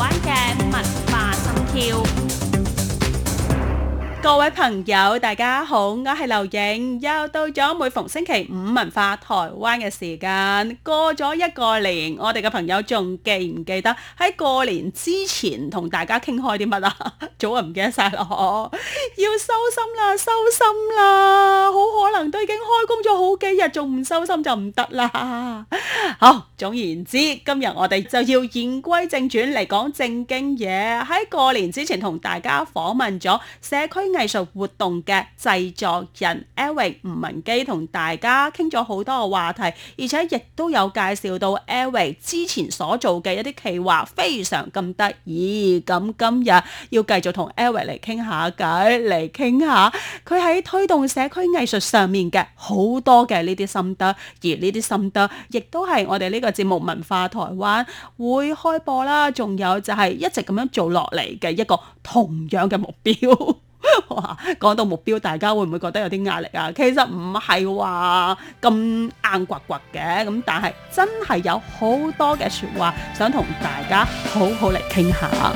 灣嘅文化心跳，各位朋友大家好，我係劉穎，又到咗每逢星期五文化台灣嘅時間。過咗一個年，我哋嘅朋友仲記唔記得喺過年之前同大家傾開啲乜啊？早啊，唔記得晒啦，要收心啦，收心啦！都已經開工咗好幾日，仲唔收心就唔得啦。好，總言之，今日我哋就要言歸正傳嚟講正經嘢。喺過年之前同大家訪問咗社區藝術活動嘅製作人 Eric, Eric 吳文基，同大家傾咗好多嘅話題，而且亦都有介紹到 Eric 之前所做嘅一啲企劃，非常咁得意。咁今日要繼續同 Eric 嚟傾下偈，嚟傾下佢喺推動社區藝術上面。嘅好多嘅呢啲心得，而呢啲心得亦都係我哋呢個節目《文化台灣》會開播啦。仲有就係一直咁樣做落嚟嘅一個同樣嘅目標。 哇，講到目標，大家會唔會覺得有啲壓力啊？其實唔係話咁硬掘掘嘅咁，但係真係有好多嘅說話想同大家好好嚟傾下。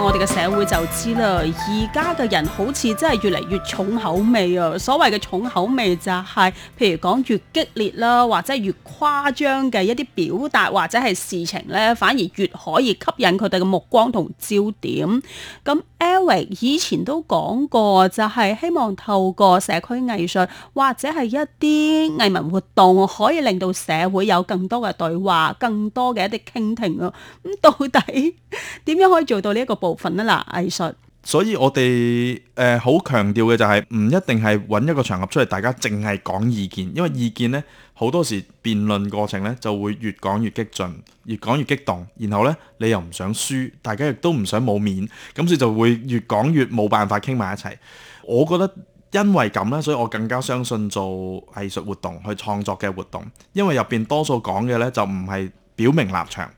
我哋嘅社會就知啦，而家嘅人好似真係越嚟越重口味啊！所謂嘅重口味就係，譬如講越激烈啦，或者越誇張嘅一啲表達，或者係事情咧，反而越可以吸引佢哋嘅目光同焦點。咁 Eric 以前都講過，就係希望透過社區藝術或者係一啲藝文活動，可以令到社會有更多嘅對話，更多嘅一啲傾聽啊！咁到底點樣可以做到呢一個？部分啦，嗱，藝術。所以我哋誒好強調嘅就係、是、唔一定係揾一個場合出嚟，大家淨係講意見，因為意見咧好多時辯論過程咧就會越講越激進，越講越激動，然後咧你又唔想輸，大家亦都唔想冇面，咁所以就會越講越冇辦法傾埋一齊。我覺得因為咁咧，所以我更加相信做藝術活動去創作嘅活動，因為入邊多數講嘅咧就唔係表明立場。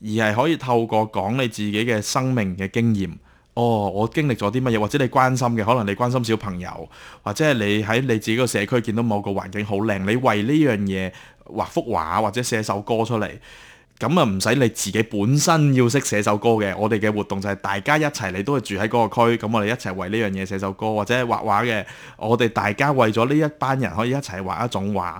而係可以透過講你自己嘅生命嘅經驗，哦，我經歷咗啲乜嘢，或者你關心嘅，可能你關心小朋友，或者係你喺你自己個社區見到某個環境好靚，你為呢樣嘢畫幅畫或者寫首歌出嚟，咁啊唔使你自己本身要識寫首歌嘅，我哋嘅活動就係大家一齊，你都係住喺嗰個區，咁我哋一齊為呢樣嘢寫首歌或者畫畫嘅，我哋大家為咗呢一班人可以一齊畫一種畫。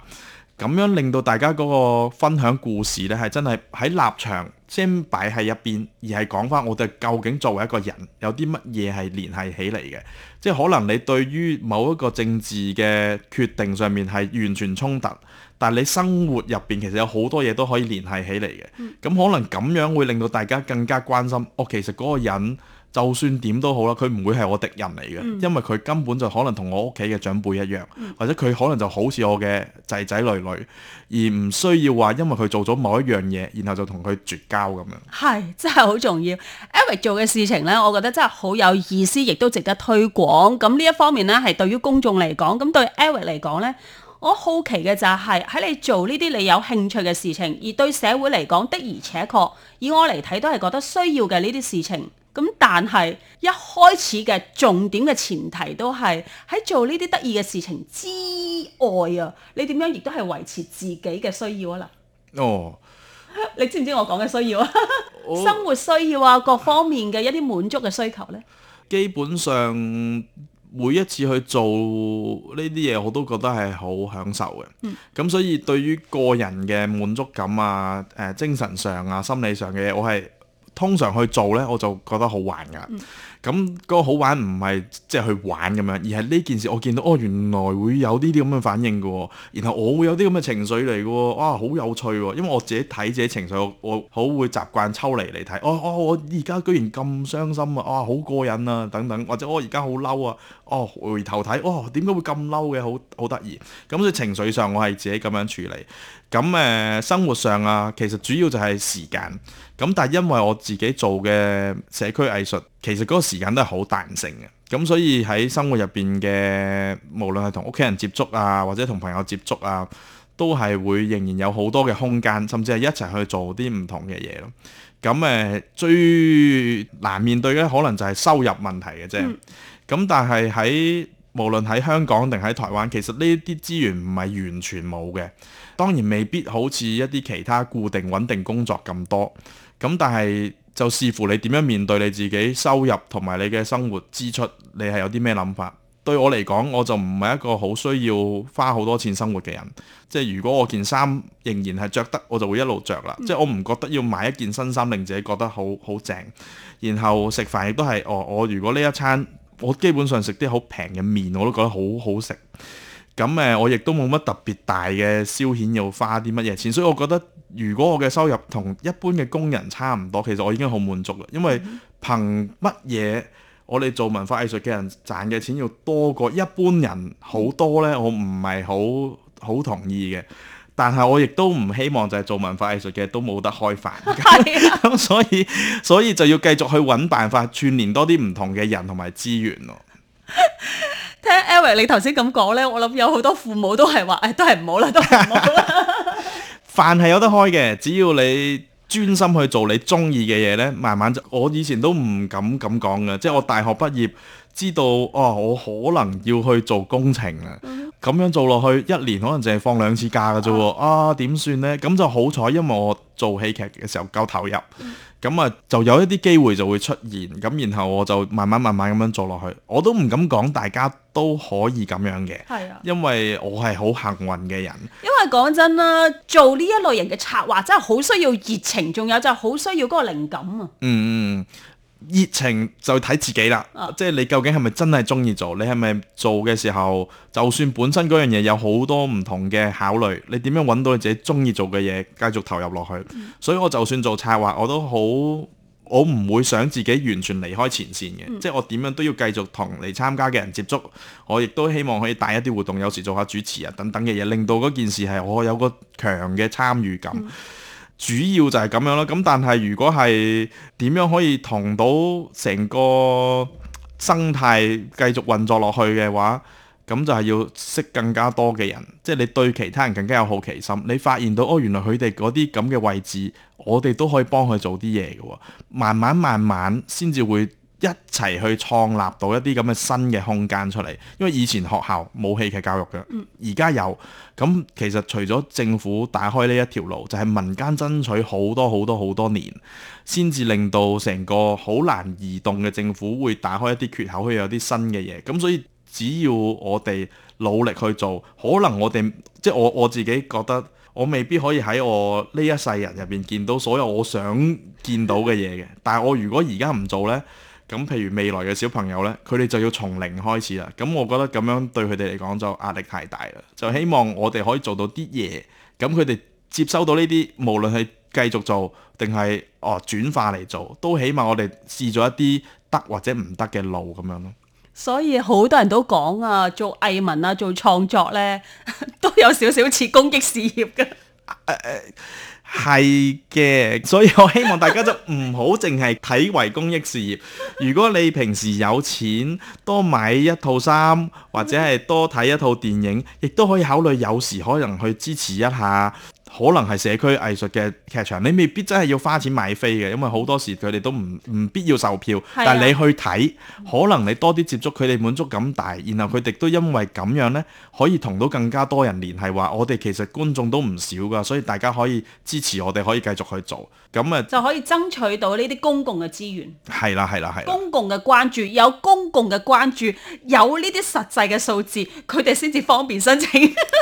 咁樣令到大家嗰個分享故事呢，係真係喺立場先擺喺一邊，而係講返我哋究竟作為一個人有啲乜嘢係聯繫起嚟嘅。即係可能你對於某一個政治嘅決定上面係完全衝突，但係你生活入邊其實有好多嘢都可以聯繫起嚟嘅。咁、嗯、可能咁樣會令到大家更加關心。哦，其實嗰個人。就算點都好啦，佢唔會係我敵人嚟嘅，嗯、因為佢根本就可能同我屋企嘅長輩一樣，嗯、或者佢可能就好似我嘅仔仔女女，而唔需要話因為佢做咗某一樣嘢，然後就同佢絕交咁樣。係真係好重要，Eric 做嘅事情呢，我覺得真係好有意思，亦都值得推廣。咁呢一方面呢，係對於公眾嚟講，咁對 Eric 嚟講呢，我好奇嘅就係喺你做呢啲你有興趣嘅事情，而對社會嚟講的而且確，以我嚟睇都係覺得需要嘅呢啲事情。咁但係一開始嘅重點嘅前提都係喺做呢啲得意嘅事情之外啊，你點樣亦都係維持自己嘅需要啊嗱。哦，你知唔知我講嘅需要啊？生活需要啊，我各方面嘅一啲滿足嘅需求呢。基本上每一次去做呢啲嘢，我都覺得係好享受嘅。嗯，咁所以對於個人嘅滿足感啊，誒，精神上啊，心理上嘅嘢，我係。通常去做呢，我就覺得好玩㗎。嗯咁嗰個好玩唔係即係去玩咁樣，而係呢件事我見到哦，原來會有呢啲咁嘅反應嘅，然後我會有啲咁嘅情緒嚟嘅，哇好有趣喎！因為我自己睇自己情緒，我好會習慣抽離嚟睇，哦哦，我而家居然咁傷心啊，哇、哦、好過癮啊，等等，或者我而家好嬲啊，哦，回頭睇，哦點解會咁嬲嘅？好好得意。咁所以情緒上我係自己咁樣處理。咁誒、呃、生活上啊，其實主要就係時間。咁但係因為我自己做嘅社區藝術。其實嗰個時間都係好彈性嘅，咁所以喺生活入邊嘅，無論係同屋企人接觸啊，或者同朋友接觸啊，都係會仍然有好多嘅空間，甚至係一齊去做啲唔同嘅嘢咯。咁誒最難面對嘅可能就係收入問題嘅啫。咁、嗯、但係喺無論喺香港定喺台灣，其實呢啲資源唔係完全冇嘅。當然未必好似一啲其他固定穩定工作咁多。咁但係。就視乎你點樣面對你自己收入同埋你嘅生活支出，你係有啲咩諗法？對我嚟講，我就唔係一個好需要花好多錢生活嘅人。即係如果我件衫仍然係着得，我就會一路着啦。即係我唔覺得要買一件新衫令自己覺得好好正。然後食飯亦都係，哦，我如果呢一餐，我基本上食啲好平嘅麵，我都覺得好好食。咁誒、嗯，我亦都冇乜特別大嘅消遣，要花啲乜嘢錢，所以我覺得如果我嘅收入同一般嘅工人差唔多，其實我已經好滿足啦。因為憑乜嘢我哋做文化藝術嘅人賺嘅錢要多過一般人好多呢？我唔係好好同意嘅，但係我亦都唔希望就係做文化藝術嘅都冇得開飯。咁是、啊 嗯、所以所以就要繼續去揾辦法串聯多啲唔同嘅人同埋資源咯。 聽 Eric 你頭先咁講呢，我諗有好多父母都係話，誒、哎，都係唔好啦，都係唔好啦。飯係有得開嘅，只要你專心去做你中意嘅嘢呢，慢慢就。我以前都唔敢咁講噶，即係我大學畢業知道哦，我可能要去做工程啦。咁、嗯、樣做落去，一年可能淨係放兩次假嘅啫。嗯、啊，點算呢？咁就好彩，因為我做戲劇嘅時候夠投入。嗯咁啊，就有一啲機會就會出現，咁然後我就慢慢慢慢咁樣做落去。我都唔敢講大家都可以咁樣嘅，係啊、因為我係好幸運嘅人。因為講真啦，做呢一類型嘅策劃真係好需要熱情，仲有就係好需要嗰個靈感啊。嗯。熱情就睇自己啦，啊、即係你究竟係咪真係中意做？你係咪做嘅時候，就算本身嗰樣嘢有好多唔同嘅考慮，你點樣揾到你自己中意做嘅嘢，繼續投入落去？嗯、所以我就算做策劃，我都好，我唔會想自己完全離開前線嘅，嗯、即係我點樣都要繼續同嚟參加嘅人接觸。我亦都希望可以帶一啲活動，有時做下主持啊等等嘅嘢，令到嗰件事係我有個強嘅參與感。嗯。主要就係咁樣咯，咁但係如果係點樣可以同到成個生態繼續運作落去嘅話，咁就係要識更加多嘅人，即係，你對其他人更加有好奇心，你發現到哦，原來佢哋嗰啲咁嘅位置，我哋都可以幫佢做啲嘢嘅，慢慢慢慢先至會。一齊去創立到一啲咁嘅新嘅空間出嚟，因為以前學校冇戲劇教育嘅，而家有咁。其實除咗政府打開呢一條路，就係民間爭取好多好多好多年，先至令到成個好難移動嘅政府會打開一啲缺口，去有啲新嘅嘢。咁所以只要我哋努力去做，可能我哋即係我我自己覺得我未必可以喺我呢一世人入邊見到所有我想見到嘅嘢嘅，但係我如果而家唔做呢。咁譬如未來嘅小朋友呢，佢哋就要從零開始啦。咁我覺得咁樣對佢哋嚟講就壓力太大啦。就希望我哋可以做到啲嘢，咁佢哋接收到呢啲，無論係繼續做定係哦轉化嚟做，都起碼我哋試咗一啲得或者唔得嘅路咁樣咯。所以好多人都講啊，做藝文啊，做創作呢，都有少少似公益事業嘅。誒係嘅，所以我希望大家就唔好淨係睇為公益事業。如果你平時有錢，多買一套衫或者係多睇一套電影，亦都可以考慮有時可能去支持一下。可能係社區藝術嘅劇場，你未必真係要花錢買飛嘅，因為好多時佢哋都唔唔必要售票。的但係你去睇，可能你多啲接觸佢哋，滿足感大。然後佢哋都因為咁樣呢，可以同到更加多人聯繫，話我哋其實觀眾都唔少㗎，所以大家可以支持我哋，可以繼續去做。咁啊就可以爭取到呢啲公共嘅資源。係啦，係啦，係。公共嘅關注，有公共嘅關注，有呢啲實際嘅數字，佢哋先至方便申請，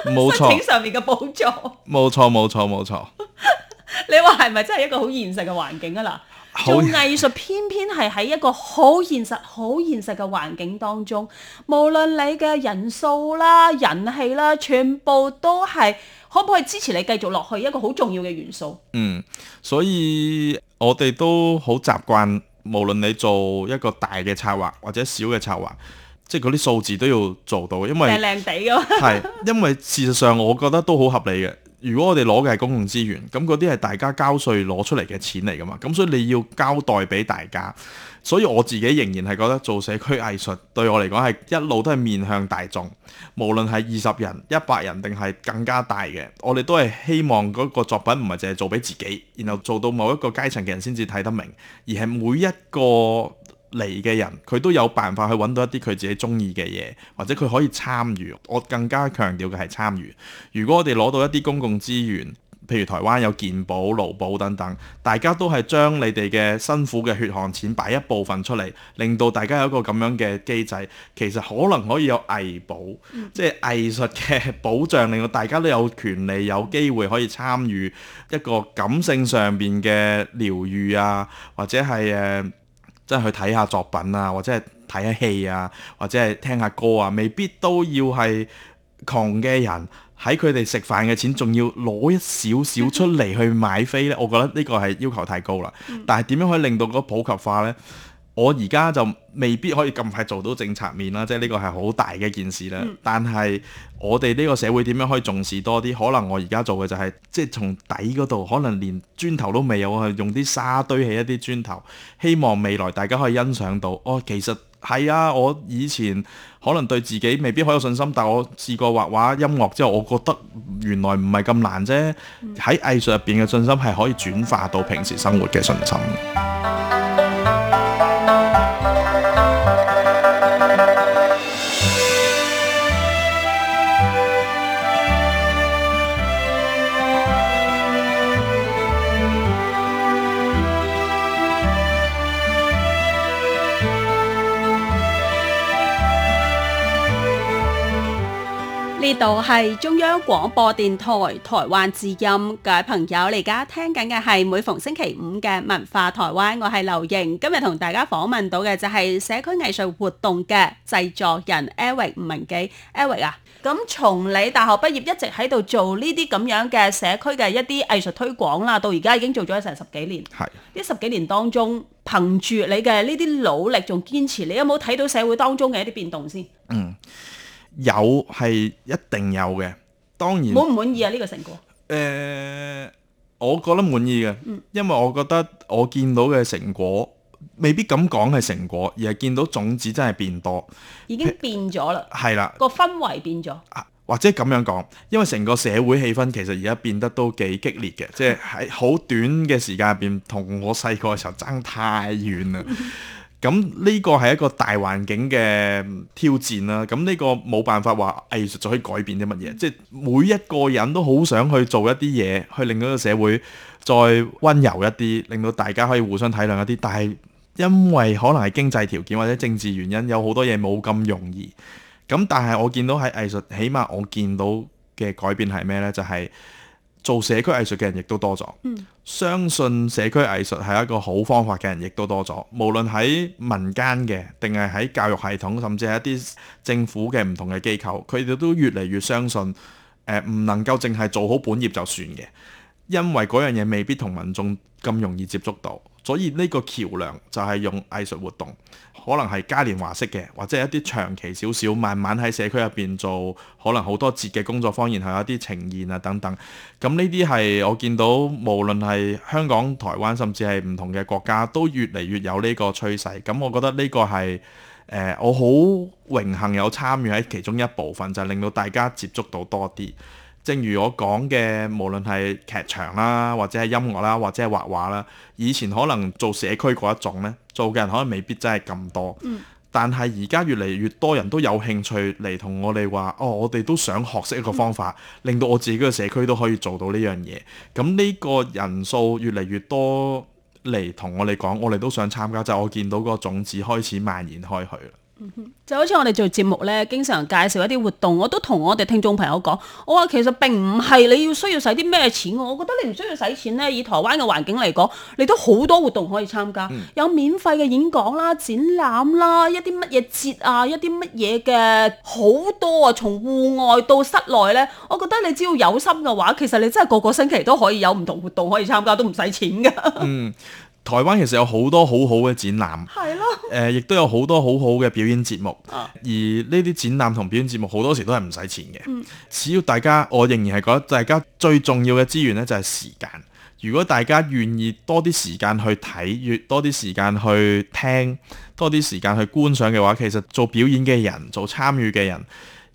冇錯，申請上面嘅補助。冇錯。冇錯冇錯，錯錯。 你話係咪真係一個好現實嘅環境啊？嗱人，做藝術偏偏係喺一個好現實、好現實嘅環境當中，無論你嘅人數啦、人氣啦，全部都係可唔可以支持你繼續落去一個好重要嘅元素？嗯，所以我哋都好習慣，無論你做一個大嘅策劃或者小嘅策劃，即係嗰啲數字都要做到，因為靚靚地噶嘛，係因為事實上我覺得都好合理嘅。如果我哋攞嘅係公共資源，咁嗰啲係大家交稅攞出嚟嘅錢嚟噶嘛，咁所以你要交代俾大家。所以我自己仍然係覺得做社區藝術對我嚟講係一路都係面向大眾，無論係二十人、一百人定係更加大嘅，我哋都係希望嗰個作品唔係淨係做俾自己，然後做到某一個階層嘅人先至睇得明，而係每一個。嚟嘅人，佢都有辦法去揾到一啲佢自己中意嘅嘢，或者佢可以參與。我更加強調嘅係參與。如果我哋攞到一啲公共資源，譬如台灣有健保、勞保等等，大家都係將你哋嘅辛苦嘅血汗錢擺一部分出嚟，令到大家有一個咁樣嘅機制，其實可能可以有藝保，嗯、即係藝術嘅保障，令到大家都有權利、有機會可以參與一個感性上邊嘅療愈啊，或者係誒。呃即係去睇下作品啊，或者係睇下戲啊，或者係聽下歌啊，未必都要係窮嘅人喺佢哋食飯嘅錢，仲要攞一少少出嚟去買飛呢，我覺得呢個係要求太高啦。但係點樣可以令到個普及化呢？我而家就未必可以咁快做到政策面啦，即係呢個係好大嘅一件事啦。嗯、但係我哋呢個社會點樣可以重視多啲？可能我而家做嘅就係即係從底嗰度，可能連磚頭都未有，去用啲沙堆起一啲磚頭，希望未來大家可以欣賞到。哦。其實係啊，我以前可能對自己未必好有信心，但我試過畫畫音樂之後，我覺得原來唔係咁難啫。喺藝術入邊嘅信心係可以轉化到平時生活嘅信心。呢度係中央廣播電台台灣之音。各位朋友，你而家聽緊嘅係每逢星期五嘅文化台灣，我係劉瑩，今日同大家訪問到嘅就係社區藝術活動嘅製作人 Eric 吳文記，Eric 啊，咁是從你大學畢業一直喺度做呢啲咁樣嘅社區嘅一啲藝術推廣啦，到而家已經做咗成十幾年，係呢是十幾年當中，憑住你嘅呢啲努力仲堅持，你有冇睇到社會當中嘅一啲變動先？嗯。有係一定有嘅，當然。滿唔滿意啊？呢、這個成果？誒、呃，我覺得滿意嘅，嗯、因為我覺得我見到嘅成果未必咁講係成果，而係見到種子真係變多，已經變咗皮啦。係啦，個氛圍變咗，啊。或者咁樣講，因為成個社會氣氛其實而家變得都幾激烈嘅，即係喺好短嘅時間入邊，同我細個嘅時候爭太遠啦。 咁呢個係一個大環境嘅挑戰啦，咁呢個冇辦法話藝術就可以改變啲乜嘢，即係每一個人都好想去做一啲嘢，去令到個社會再溫柔一啲，令到大家可以互相體諒一啲，但係因為可能係經濟條件或者政治原因，有好多嘢冇咁容易。咁但係我見到喺藝術，起碼我見到嘅改變係咩呢？就係。做社區藝術嘅人亦都多咗，相信社區藝術係一個好方法嘅人亦都多咗。無論喺民間嘅，定係喺教育系統，甚至係一啲政府嘅唔同嘅機構，佢哋都越嚟越相信，呃、唔能夠淨係做好本業就算嘅，因為嗰樣嘢未必同民眾咁容易接觸到。所以呢個橋梁就係用藝術活動，可能係嘉年華式嘅，或者一啲長期少少、慢慢喺社區入邊做，可能好多節嘅工作坊，然後有一啲呈現啊等等。咁呢啲係我見到，無論係香港、台灣，甚至係唔同嘅國家，都越嚟越有呢個趨勢。咁、嗯、我覺得呢個係誒、呃，我好榮幸有參與喺其中一部分，就係、令到大家接觸到多啲。正如我講嘅，無論係劇場啦，或者係音樂啦，或者係畫畫啦，以前可能做社區嗰一種呢，做嘅人可能未必真係咁多。嗯、但係而家越嚟越多人都有興趣嚟同我哋話：哦，我哋都想學識一個方法，嗯、令到我自己嘅社區都可以做到呢樣嘢。咁呢個人數越嚟越多嚟同我哋講，我哋都想參加。就係、我見到個種子開始蔓延開去啦。嗯哼。就好似我哋做節目咧，經常介紹一啲活動，我都同我哋聽眾朋友講，我話其實並唔係你要需要使啲咩錢嘅，我覺得你唔需要使錢咧。以台灣嘅環境嚟講，你都好多活動可以參加，嗯、有免費嘅演講啦、展覽啦，一啲乜嘢節啊，一啲乜嘢嘅好多啊，從戶外到室內咧，我覺得你只要有心嘅話，其實你真係個個星期都可以有唔同活動可以參加，都唔使錢㗎。嗯。台灣其實有好多好好嘅展覽，係、呃、亦都有好多好好嘅表演節目。而呢啲展覽同表演節目好多時都係唔使錢嘅。只要大家，我仍然係覺得大家最重要嘅資源呢，就係時間。如果大家願意多啲時間去睇，越多啲時間去聽，多啲時間去觀賞嘅話，其實做表演嘅人，做參與嘅人，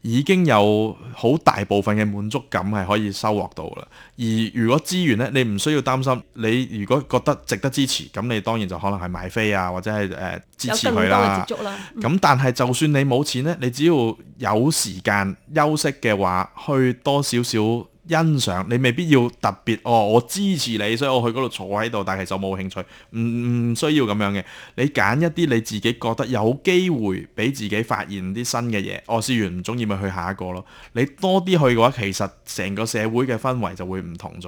已經有好大部分嘅滿足感係可以收穫到啦，而如果資源呢，你唔需要擔心。你如果覺得值得支持，咁你當然就可能係買飛啊，或者係誒、呃、支持佢啦。咁但係就算你冇錢呢，你只要有時間休息嘅話，去多少少。欣賞你，未必要特別哦。我支持你，所以我去嗰度坐喺度，但係就冇興趣，唔、嗯、唔、嗯、需要咁樣嘅。你揀一啲你自己覺得有機會俾自己發現啲新嘅嘢，哦，試完唔中意咪去下一個咯。你多啲去嘅話，其實成個社會嘅氛圍就會唔同咗，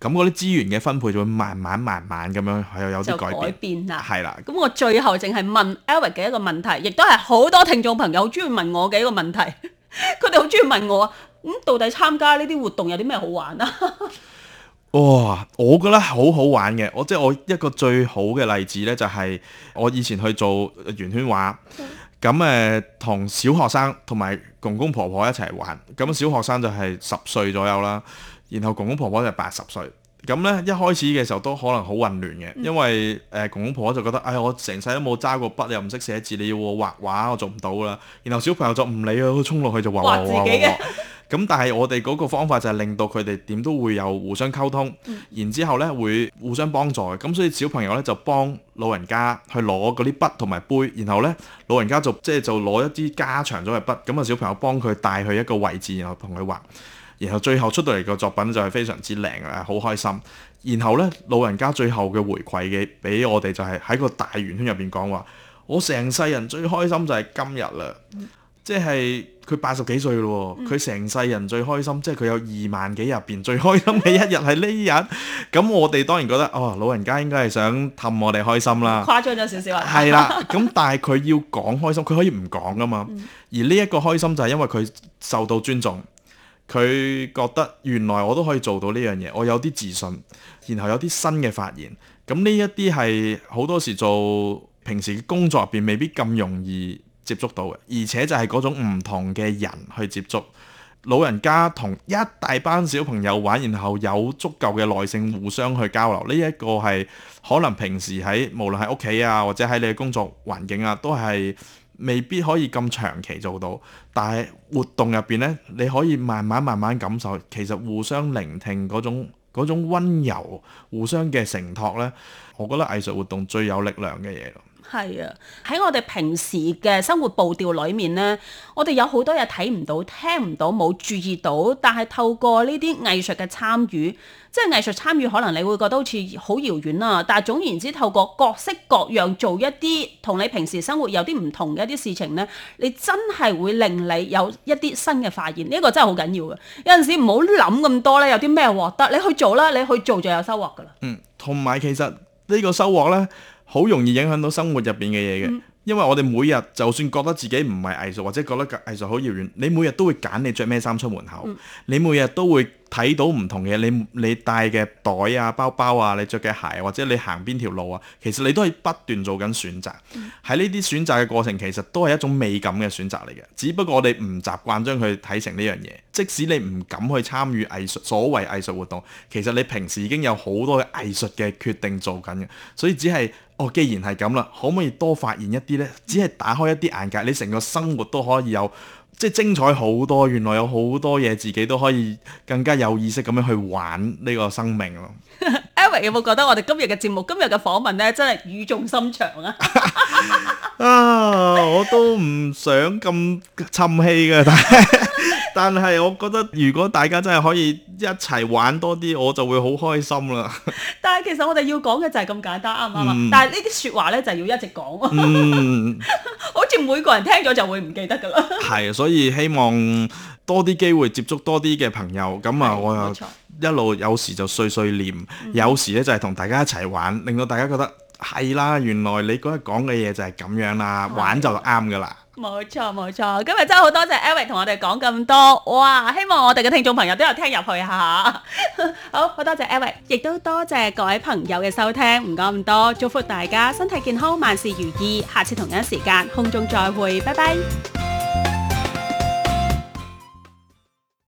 咁嗰啲資源嘅分配就會慢慢慢慢咁樣係有啲改變。就改變啦，係啦了。咁我最後淨係問 Eric 嘅一個問題，亦都係好多聽眾朋友好中意問我嘅一個問題，佢哋好中意問我啊。咁到底參加呢啲活動有啲咩好玩啊？哇、 哦！我覺得好好玩嘅，我即係我一個最好嘅例子呢、就是，就係我以前去做圓圈畫，咁誒同小學生同埋公公婆婆，婆一齊玩。咁、嗯、小學生就係十歲左右啦，然後公公婆婆，婆就八十歲。咁呢，一開始嘅時候都可能好混亂嘅，因為誒、呃、公公婆婆就覺得：哎我成世都冇揸過筆，又唔識寫字，你要我畫畫我做唔到㗎啦。然後小朋友就唔理佢，佢衝落去就說說說說說說畫畫畫。說說說咁但係我哋嗰個方法就係令到佢哋點都會有互相溝通，嗯、然之後呢會互相幫助。咁所以小朋友呢就幫老人家去攞嗰啲筆同埋杯，然後呢老人家就即係就攞一啲加長咗嘅筆，咁啊小朋友幫佢帶去一個位置，然後同佢畫，然後最後出到嚟個作品就係非常之靚啊，好開心。然後呢老人家最後嘅回饋嘅俾我哋就係喺個大圓圈入邊講話：我成世人最開心就係今日啦。嗯。即係佢八十幾歲咯，佢成世人最開心，即係佢有二萬幾入邊最開心嘅一日係呢日。咁 我哋當然覺得，哦老人家應該係想氹我哋開心啦。誇張咗少少啊！係 啦，咁但係佢要講開心，佢可以唔講噶嘛。嗯、而呢一個開心就係因為佢受到尊重，佢覺得原來我都可以做到呢樣嘢，我有啲自信，然後有啲新嘅發言。咁呢一啲係好多時做平時嘅工作入邊未必咁容易。接觸到嘅，而且就係嗰種唔同嘅人去接觸老人家同一大班小朋友玩，然後有足夠嘅耐性互相去交流，呢一個係可能平時喺無論喺屋企啊，或者喺你嘅工作環境啊，都係未必可以咁長期做到。但係活動入邊呢，你可以慢慢慢慢感受，其實互相聆聽嗰種嗰種溫柔，互相嘅承托呢，我覺得藝術活動最有力量嘅嘢。係啊，喺我哋平時嘅生活步調裏面呢，我哋有好多嘢睇唔到、聽唔到、冇注意到，但係透過呢啲藝術嘅參與，即係藝術參與，可能你會覺得好似好遙遠啊。但係總言之，透過各式各樣做一啲同你平時生活有啲唔同嘅一啲事情呢，你真係會令你有一啲新嘅發現。呢一個真係好緊要嘅。有陣時唔好諗咁多呢有啲咩獲得，你去做啦，你去做就有收穫噶啦。嗯，同埋其實呢個收穫呢。好容易影響到生活入邊嘅嘢嘅，嗯、因為我哋每日就算覺得自己唔係藝術，或者覺得藝術好遙遠，你每日都會揀你着咩衫出門口，嗯、你每日都會。睇到唔同嘅你，你帶嘅袋啊、包包啊，你着嘅鞋或者你行邊條路啊，其實你都係不斷做緊選擇。喺呢啲選擇嘅過程，其實都係一種美感嘅選擇嚟嘅。只不過我哋唔習慣將佢睇成呢樣嘢。即使你唔敢去參與藝術，所謂藝術活動，其實你平時已經有好多藝術嘅決定做緊嘅。所以只係，哦，既然係咁啦，可唔可以多發現一啲咧？只係打開一啲眼界，你成個生活都可以有即係精彩好多，原來有好多嘢自己都可以更加有意識咁樣去玩呢個生命咯。 Eric，有冇覺得我哋今日嘅節目、今日嘅訪問呢，真係語重心長呀？ 啊，我都唔想咁沉氣嘅，但係。 但係，我覺得如果大家真係可以一齊玩多啲，我就會好開心啦。 但係其實我哋要講嘅就係咁簡單，啱唔啱啊？但係呢啲説話呢，就要一直講。 嗯、 好似每個人聽咗就會唔記得㗎啦。係 所以希望多啲機會接觸多啲嘅朋友。咁啊，的我又一路錯有時就碎碎念，嗯、有時呢就係同大家一齊玩，令到大家覺得係啦，原來你嗰日講嘅嘢就係咁樣啦，玩就啱㗎啦。冇錯冇錯，今日真係好多謝 Eric 同我哋講咁多，哇！希望我哋嘅聽眾朋友都有聽入去吓， 好好多謝 Eric，亦都多謝各位朋友嘅收聽，唔講咁多，祝福大家身體健康，萬事如意，下次同樣時間空中再會，拜拜。